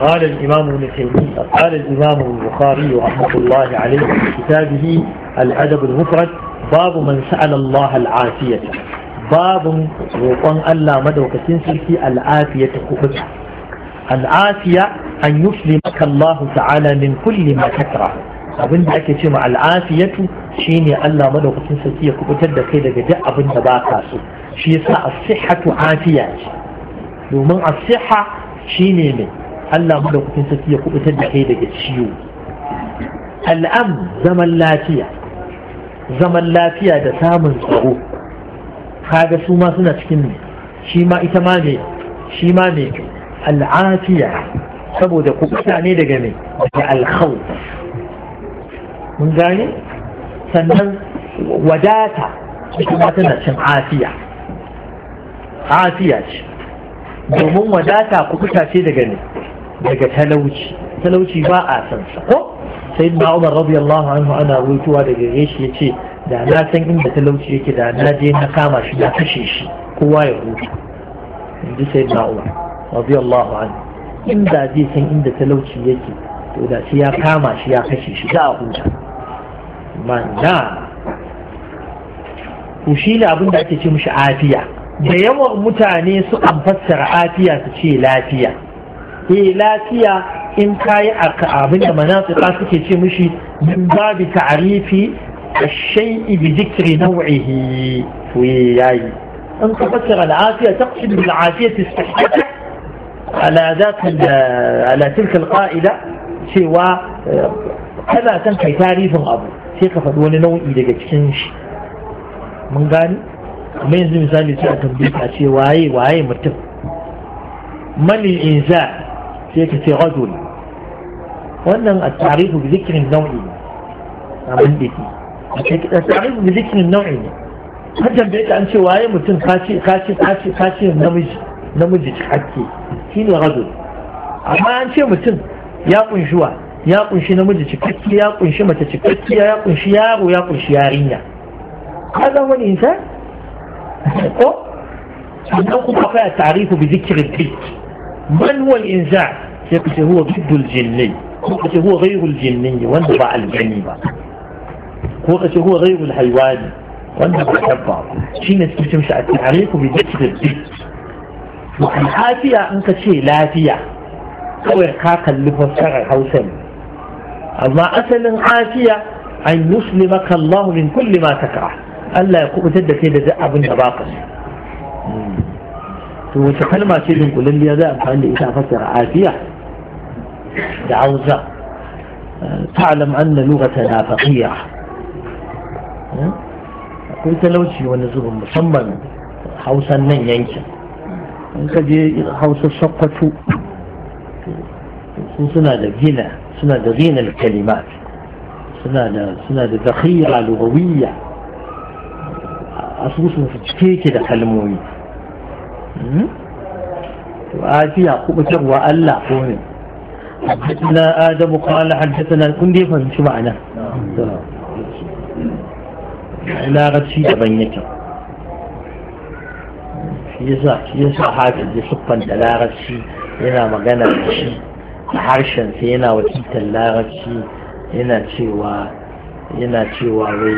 قال الإمام ابن تيمية قال الإمام البخاري رحمة الله عليه في كتابه الأدب المفرد باب من سأل الله العافية باب روقان ألا مدوك تنسلتي العافية كفتا العافية أن يسلمك الله تعالى من كل ما تكره أبن da ake العافية شيني ألا shine تنسلتي madaukakin sarki ya kubutar da kai daga duk abin da الصحة شيني من Allah madaukakin sarki ya kubutar da kai daga ciwo al'am zaman lafiya zaman lafiya da samun tsaro kaga su ma suna cikin ne shi ma ita ma ne shi ma ne al'afiya saboda kubuta ne daga mai daga alkhau mun gane sannan wadata ita ma tana cin afiya afiya ce domin wadata kubuta ce daga ne daga talauci talauci ba a san sa ko sai da Umar radiyallahu anhu ana wutuwa daga gare shi yace da na san inda talauci yake da na je na kama shi na kashe shi kowa ya huta inji sai da Umar radiyallahu anhu inda zai san inda talauci yake to da shi ya kama shi ya kashe shi za a huta manna ku shi ne abin da ake ce mishi afiya da yawan mutane su an fassara afiya su ce lafiya eh lafiya in kayi abin da suke ce mishi min ta'rifi الشيء بذكر نوعه وياي أن تفسر العافية تقصد بالعافية على ذات على تلك القائلة سوى آه، كذا تنحي تعريف أبو شيخ فدوني نوعي لك تكنش من قال ما أشي واي واي مرتب من الإنسان في رجل وأن التعريف بذكر النوع عمل بيتي التعريف بذكر النوع حتى بيت أن شوية مثل خاشي خاشي خاشي خاشي نمج نمج حكي هنا رجل أما أن شو مثل يا بنشوا يا بنشي نمج حكي يا بنشي ما تشكي يا بنشي يا ويا بنشي يا هذا هو الإنسان أو أنا أقول التعريف بذكر البيت من هو الإنزاع يقول هو ضد الجني يقول هو غير الجني وانضبع الجني يقول هو غير الحيوان وانضبع الجبار شنو تقول مش عليك بجسد الدين وكان حافية انك شيء لاتية هو يقاق اللي هو الشرع حوسم أما أصل حافية أن يسلمك الله من كل ما تكره ألا يقول تدك إذا زعب النباقس to wace kalma ce din kulalliya za a amfani da ita a fasara afiya da hausa ta'lam anna lughatana faqiya akwai talauci wani zubin musamman hausan nan yankin in ka je hausa sokoto sun suna da gina suna da zinar kalimat suna da suna da zakhira lugawiyya asusun su cike yake da kalmomi وآتي يعقوب سر وأن لا حدثنا آدم قال حدثنا كندي فهمت معنا لا قد شيء بينك يسا يسا حاجة يسقى لا قد شيء هنا ما قنا شيء حرشا هنا وتيت لا قد شيء هنا شيء هنا شيء وي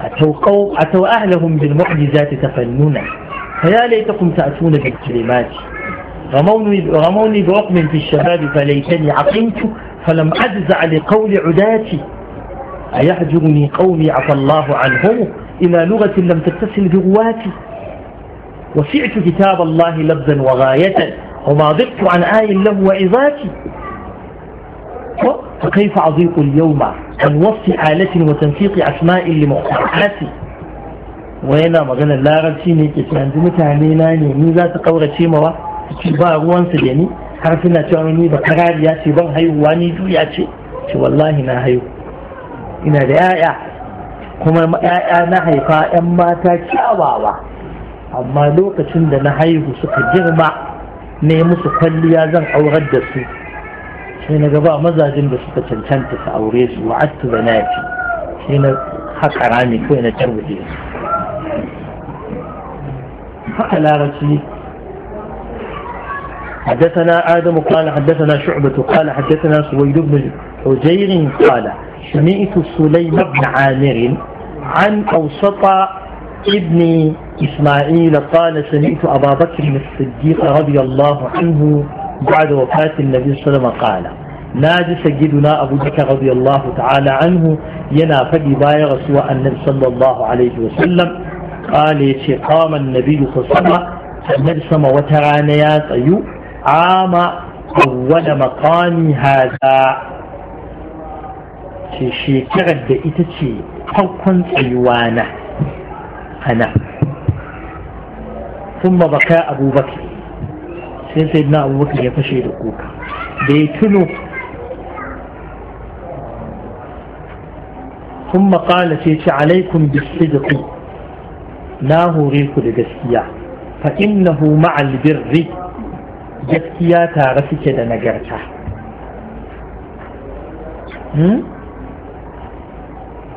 أتوقع أتو أهلهم بالمعجزات تفنونا فيا ليتكم تأتون بالكلمات رموني رموني برقم في الشباب فليتني عقمت فلم أجزع لقول عداتي أيحجرني قومي عفى الله عنهم إلى لغة لم تتصل برواتي وسعت كتاب الله لبزا وغاية وما ضقت عن آي له وعظاتي فكيف أضيق اليوم عن وصف حالة وتنسيق أسماء لمختاراتي wani yana magana larabci ne ke yanzu mutane na ne ni za su kaurace mawa ci ba ruwansu da ni har suna cewa ni ba karariya ce ban haihuwa ni juya ce ce wallahi na haihu ina da yaya kuma yaya na haifa yan mata kyawawa amma lokacin da na haihu suka girma ne musu kwalliya zan aurar da su sai na gaba mazajin da suka cancanta su aure su wa'attu da nafi sai na haƙa rami kawai na tarwaje su حتى لا حدثنا آدم قال حدثنا شعبة قال حدثنا سويد بن حجير قال سمعت سليم بن عامر عن أوسط ابن إسماعيل قال سمعت أبا بكر الصديق رضي الله عنه بعد وفاة النبي صلى الله عليه وسلم قال ناجي سيدنا أبو بكر رضي الله تعالى عنه ينا فدي رسول النبي صلى الله عليه وسلم قال يتي قام النبي صلى الله عليه وسلم فمن سما وتران يا طيو عام أول مقام هذا تشي كغد إتتي حقا أيوانا أنا ثم بكى أبو بكر سيدنا أبو بكر يفشي دقوك بيتنو ثم قال تيتي عليكم بالصدق na hore ku da gaskiya fa innahu ma'al birri gaskiya tare suke da nagarta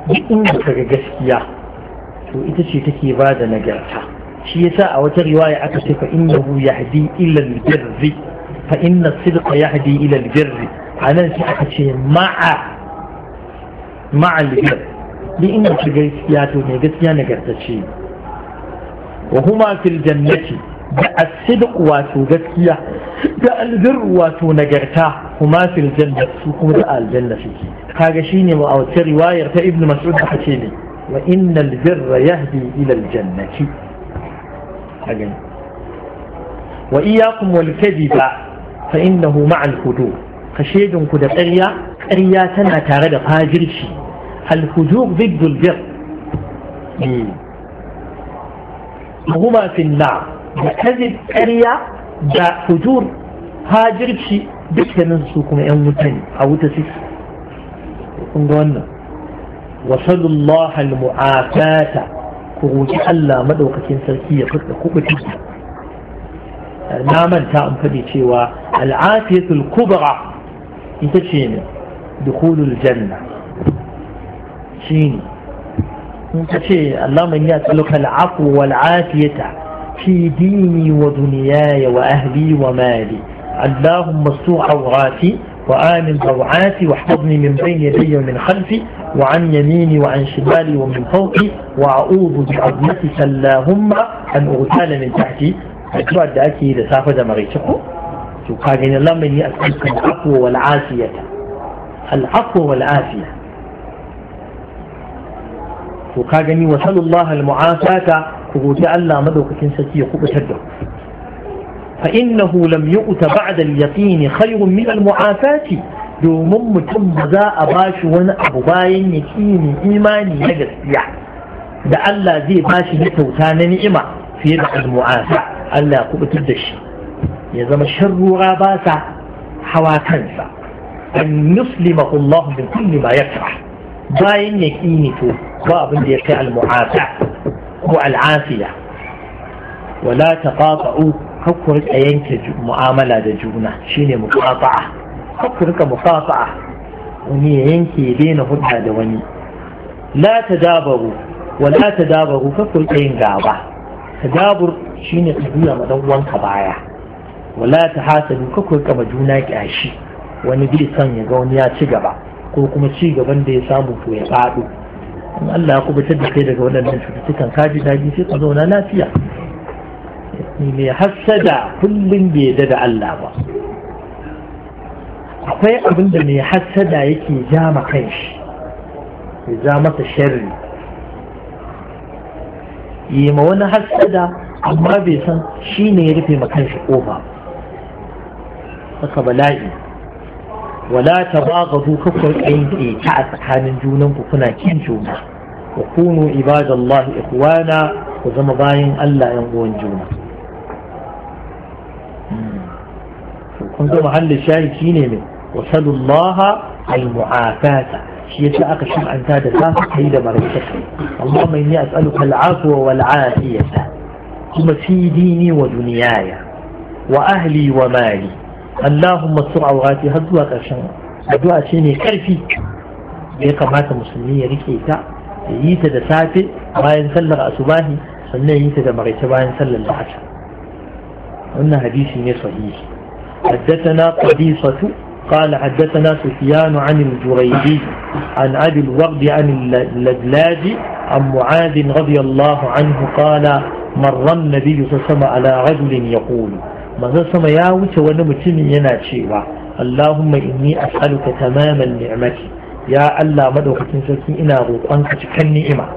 duk inda ka ga gaskiya to ita ce take ba da nagarta shi yasa a wata riwaya aka ce fa innahu yahdi ila albirri fa inna sidqa yahdi ila albirri anan sai aka ce ma'a ma'a albirri duk inda ka ga gaskiya to ne gaskiya nagartacce ne وهما في الجنة الصدق واتو دع البر واتو نجرتا هما في الجنة وكما الجنة فيك هذا شيء ما أو رواية ابن مسعود حكيني وإن البر يهدي إلى الجنة أجل. وإياكم والكذب فإنه مع الهدوء خشيد كذا قرية قرية تنا تارد فاجرشي الهدوء ضد البر إيه. هما في النار بحزب أريا دا فجور هاجر بشي بشي ننسوكم يا أمتن أو تسيس انظرنا وصل الله المعافاة كروج ألا مدوكة سلكية قد كبت نعم أنت أم فديتي العافية الكبرى انت شيني دخول الجنة شيني in ta ce العفو والعافية في ديني ودنياي وأهلي ومالي اللهم استر عوراتي وآمن روعاتي واحفظني من بين يدي ومن خلفي وعن يميني وعن شمالي ومن فوقي وأعوذ بعظمتك اللهم أن أغتال من تحتي أتوا الدعاكي إذا سافد مريتكم تقال إن اللهم إني أسألك العفو والعافية العفو والعافية to ka gani wa sallallahu al-mu'afata ku roki Allah madaukakin sarki ya kubutar da fa innahu lam yu'ta ba'da al-yaqin khayrun min al-mu'afati domin mutum ba za a bashi wani abu bayan yaqini imani na gaskiya da Allah zai bashi na kyauta na ni'ima fiye da al-mu'afa Allah ya kubutar da shi ya zama sharrura ba sa hawa kansa an yuslimahu Allah min kulli ma yakrah bayan ya ƙini to ba abin da ya kai al-mu'ata ko al'afiya wala taqata'u hakku rika yanke mu'amala da juna shine muqata'a hakku ka muqata'a wani ya yanke ya daina hudda da wani la tadabaru wala tadabaru hakku rika yin gaba tadabur shine ka juya ma dan baya wala tahasadu hakku rika ma juna ƙyashi. wani bai son ya ga wani ya ci gaba ko kuma ci gaban da ya samu to ya faɗo in Allah ya kubutar da kai daga waɗannan cututtukan da ji sai ka zauna lafiya mai hassada kullum bai yadda da Allah ba akwai abin da mai hassada yake ja ma kanshi ya ja masa sharri yi ma wani hassada amma bai san shi ne ya rufe ma kanshi ƙofa Saka bala'i ولا تباغضوا كفر أيدي تعس حان جونم كنا كين جونا وكونوا عباد الله إخوانا وزم باين ألا ينقون جونا كنت محل الشاهد كيني من وصلوا الله المعافاة شيء يتلقى شمع أن تاد سافق هيدا مريتك اللهم إني أسألك العفو والعافية ثم في ديني ودنياي وأهلي ومالي اللهم اتر عوراتي هزوا كرشن ادوا شيني كرفي بي قامات مسلمي يريكي تا يتا دساتي وين صلى الاسباني صلى يتا دمغيتا وين صلى العشاء قلنا حديثي ني صحيح حدثنا قبيصة قال حدثنا سفيان عن الجريدي عن ابي الورد عن اللجلاج عن معاذ رضي الله عنه قال مر النبي صلى الله عليه وسلم على رجل يقول manzon sama ya wuce wani mutumin yana cewa Allahumma inni as'aluka tamamal ni'mati ya Allah madaukakin sarki ina roƙonka cikan ni'ima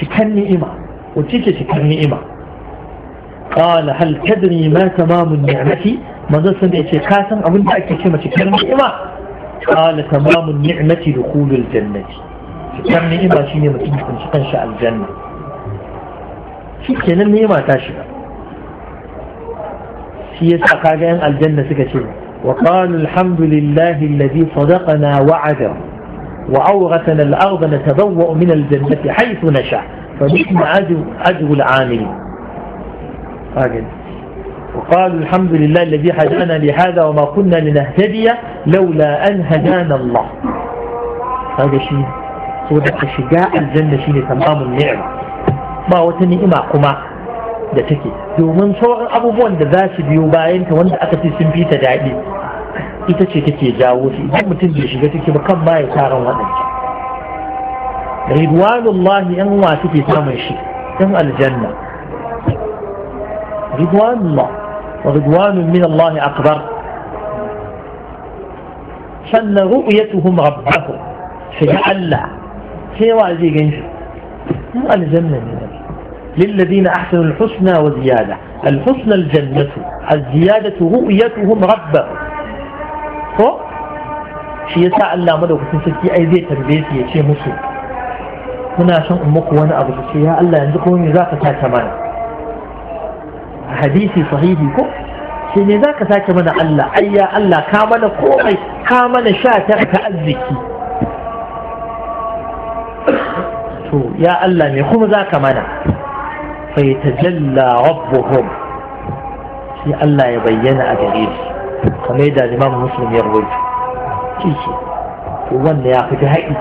cikan ni'ima ko cike cikan ni'ima qala hal tadri ma tamamun ni'mati manzon sama yace ka san abin da ake cewa cikan ni'ima qala tamamun ni'mati dukhulul jannati cikan ni'ima shine mutum ya kunshi kanshi aljanna shi kenan ni'ima ta shiga shi yasa kaga yan aljanna suka ce wa qalu alhamdulillahi alladhi sadaqana wa'ada wa awratana al-ardh natabawwa min al-jannati haythu nasha fa bi'ma ajru al-amilin kaga وقالوا الحمد لله الذي هدانا لهذا وما كنا لنهتدي لولا أن هدانا الله هذا شيء سورة الشجاع الجنة شيء تمام النعمة ما وتنئم قما da take domin sauran abubuwan da za su biyo bayan ta wanda aka ce sun fi ta daɗi ita ce take jawo su idan mutum bai shiga take ba kan baya taron waɗancan ridwanullahi yan wa suke samun shi yan aljanna ridwanullah wa ridwanun min Allah akbar sannan ru'yatuhum rabbahum shiga Allah sai wa zai gan shi aljanna ne للذين أحسنوا الحسنى وزيادة الحسنى الجنة الزيادة رؤيتهم ربه هو شيء يسأل الله ملوك تنسكي أي ذي تربيتي شيء مسلم هنا شن أمك وانا أبو شيئا ألا ينزقهم يزاك ساك مانا حديثي صحيحي يكون شيء يزاك ساك مانا الله أي ألا كامل قومي كامل شاتر كأذكي يا الله ميخوم ذاك مانا فيتجلى ربهم في ألا يبين أدليل فميدا الإمام المسلم يروي شيشي وان يا أخي جهائي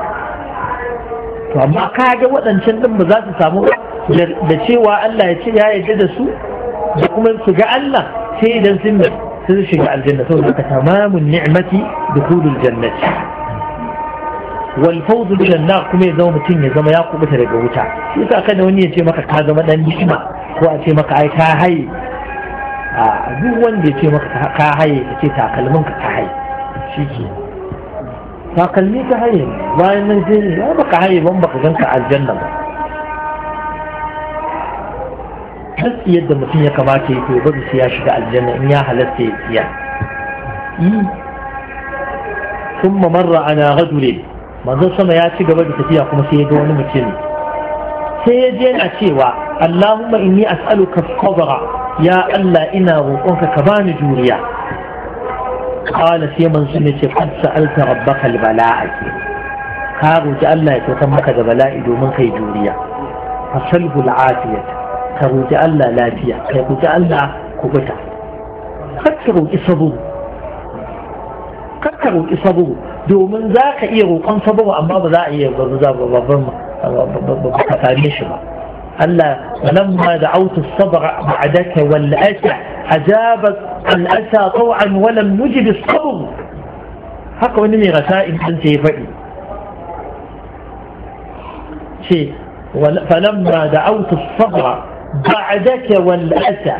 فما كاجة وان شندم بذات سامو بشي وا ألا يشي هاي جدسو بكم انسو جعلنا ألا سيدا سمي سيدا شجاء الجنة تماما تمام النعمة دخول الجنة والفوز من النار كما يزوم تيني زوم ياقو بتر جوتا يسا كان وني يتي مكا كازم أنا نيشما هو يتي مكا أي تاهاي آه دو وان دي يتي مكا تاهاي يتي تاقل منك تاهاي شيكي تاقل مي تاهاي باي من زيني لا بقا هاي وان بقا زنك على الجنة حس يد مطيني كماكي في بضي سياشة على الجنة مياها لسي سياه ثم مر على غدولين manzon sama ya ci gaba da tafiya kuma sai ya ga wani mutum sai ya je yana cewa Allahumma inni as'aluka qabra ya Allah ina roƙonka ka bani juriya qala sai manzon ya ce qad sa'alta rabbaka al-bala'a ka roƙi Allah ya tsoka maka da bala'i domin kai juriya fasalhu al afiya ka roƙi Allah lafiya ka roƙi Allah kubuta kar ka roƙi saburu kar domin za ka iya roƙon sababu amma ba za a iya ba za ba ka same shi ba Allah lamma da autu sabara ba'adaka wal asa ajabat al asa taw'an wa lam nujib sabr haka wani mai rasa'in din sai ya faɗi ce falamma da autu sabara ba'adaka wal asa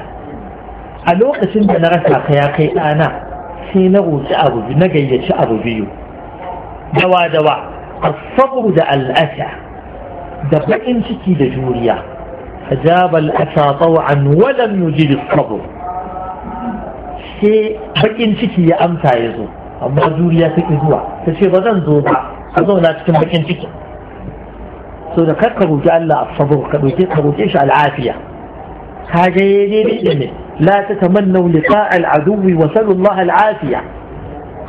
a lokacin da na rasa ka ya kai ɗana sai na roƙi abu na gayyaci abu biyu دوا دوا الصبر ذا الأسى دبئن شكي لجوريا فجاب الأسى طوعا ولم يجد الصبر شيء بئن شكي يا أم يزو أما جوريا تكذوا فشي بدن زوبا أظن لا تكن بئن شكي سورة كتبوا جعل الصبر كتبوا كتبوا على العافية هذا يدي لا تتمنوا لقاء العدو وسلوا الله العافية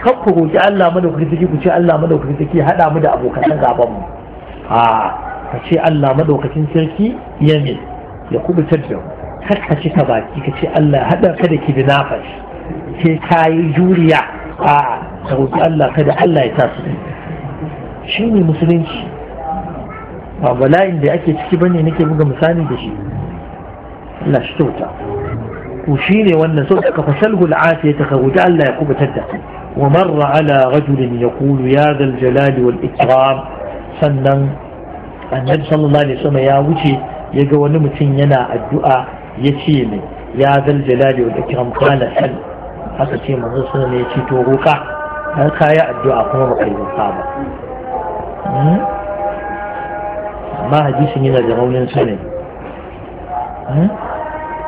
kan ku roƙi Allah madaukakin sarki ku ce Allah madaukakin sarki haɗa mu da abokan gaban mu a ka ce Allah madaukakin sarki ya me ya kubutar da kar ka ci ka baki ka ce Allah haɗa ka da kidnappers sai ka yi juriya a ka roƙi Allah kada Allah ya sa shi ne musulunci ba bala'in da ake ciki bane nake buga misali da shi Allah shi kyauta ku shi ne wannan sau da ka fasalhu al'afiya ta ka Allah ya kubutar da ومر على رجل يقول يا ذا الجلال والإكرام سنن النبي صلى الله عليه وسلم يا وجه addua نمتن ينا الدعاء يتيمي يا ذا الجلال والإكرام قال حل haka ce manzo suna ne ci to roka har kayi addu'a kuma ba kai roka ba amma hadisin yana da raunin sanai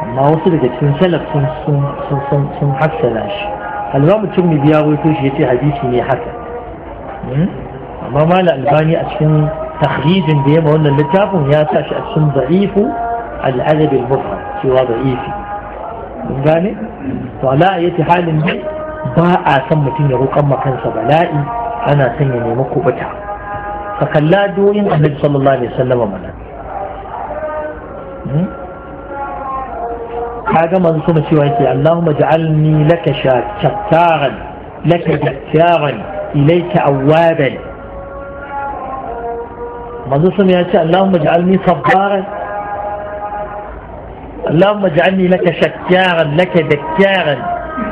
amma wasu daga cikin salaf sun hassana shi الإمام التمي بياوي توش يتي حديثي مي حكا أما ما الألباني أشكن تخريج بيما هنا اللتاب ياتش أشكن ضعيف العذب المفرد سوى ضعيف من قاني فلا يتي حال بي باع ثم تنيا رقم مكان سبلائي أنا تنيني مكوبتا فكلا دوين النبي صلى الله عليه وسلم ومنا kaga manzo kuma cewa yake Allahumma ja'alni laka shattaran laka jattaran ilayka awwaban manzo sama ya ce Allahumma ja'alni sabbaran Allahumma ja'alni laka shattaran laka dakkaran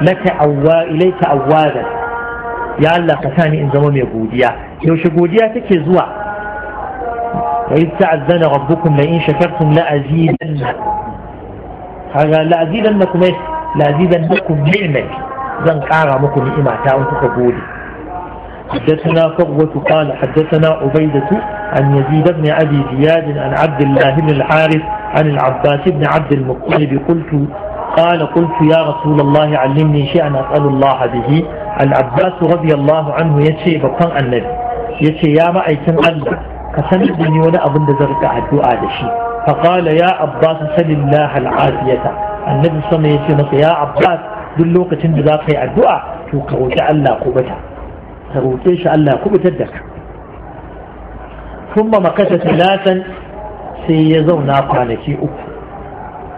laka awwa ilayka awwaban ya Allah ka sani in zama mai godiya yaushe godiya take zuwa wa ta'azzana rabbukum la in shakartum la azidannakum kaga la'azidannakum ai la'azidannakum ni'mati zan kara muku ni'ima ta kuka gode حدثنا فروة قال حدثنا عبيدة عن يزيد بن أبي زياد عن عبد الله بن الحارث عن العباس بن عبد المطلب قلت قال قلت يا رسول الله علمني شيئا أسأل الله به العباس رضي الله عنه يتشي بطن النبي يتشي يا معيكم الله كسند الدنيا ولا أظن ذلك الدعاء لشيء فقال يا عباس سل الله العافية النبي صلى الله عليه وسلم يا عباس دلوك تندلاك يا الدعاء توقعوك ألا قبتا تروتيش ألا قبتا دك ثم مكث ثلاثا سيزونا قانكي أكو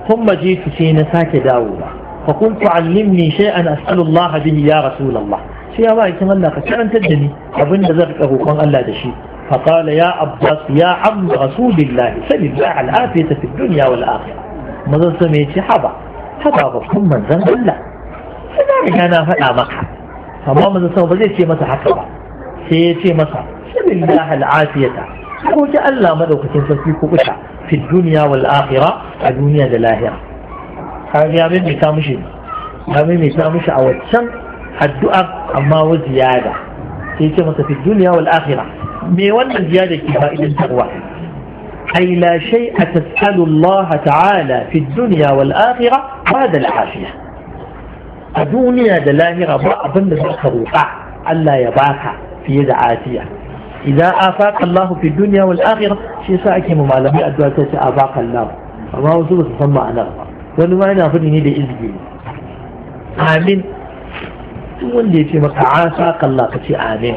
ثم جيت سينا ساك داولا فقلت علمني شيئا أسأل الله به يا رسول الله سيا الله يتمنى قد شأن تدني أبن ذلك أقول الله دشيء فقال يا عباس يا عم رسول الله سل الله العافية في الدنيا والآخرة ماذا سميت حبا حبا بكم من ذنب الله فذلك أنا فلا مقع فما ماذا سوف بذلك شيء مسا حقا سيتي مسا سل الله العافية هو جعل الله مدوك تنسفيك بشع في الدنيا والآخرة الدنيا للآخرة هذا يا بني تامشين يا بني تامش أو تشن الدؤب أما وزيادة سيتي في الدنيا والآخرة me wannan ziyada فائدة fa'idantarwa أي لا شيء تسأل الله تعالى في الدنيا والآخرة بعد العافية الدنيا دلاهرة بأبن ذكر وقع ألا يباك في يد عافية إذا آفاق الله في الدنيا والآخرة شيء ساعك ممالمي أدوات آفاق الله وما سبس صمع أنا ولو أنا أفضلني لإذن آمين ولي لي في عافاك الله كتي آمين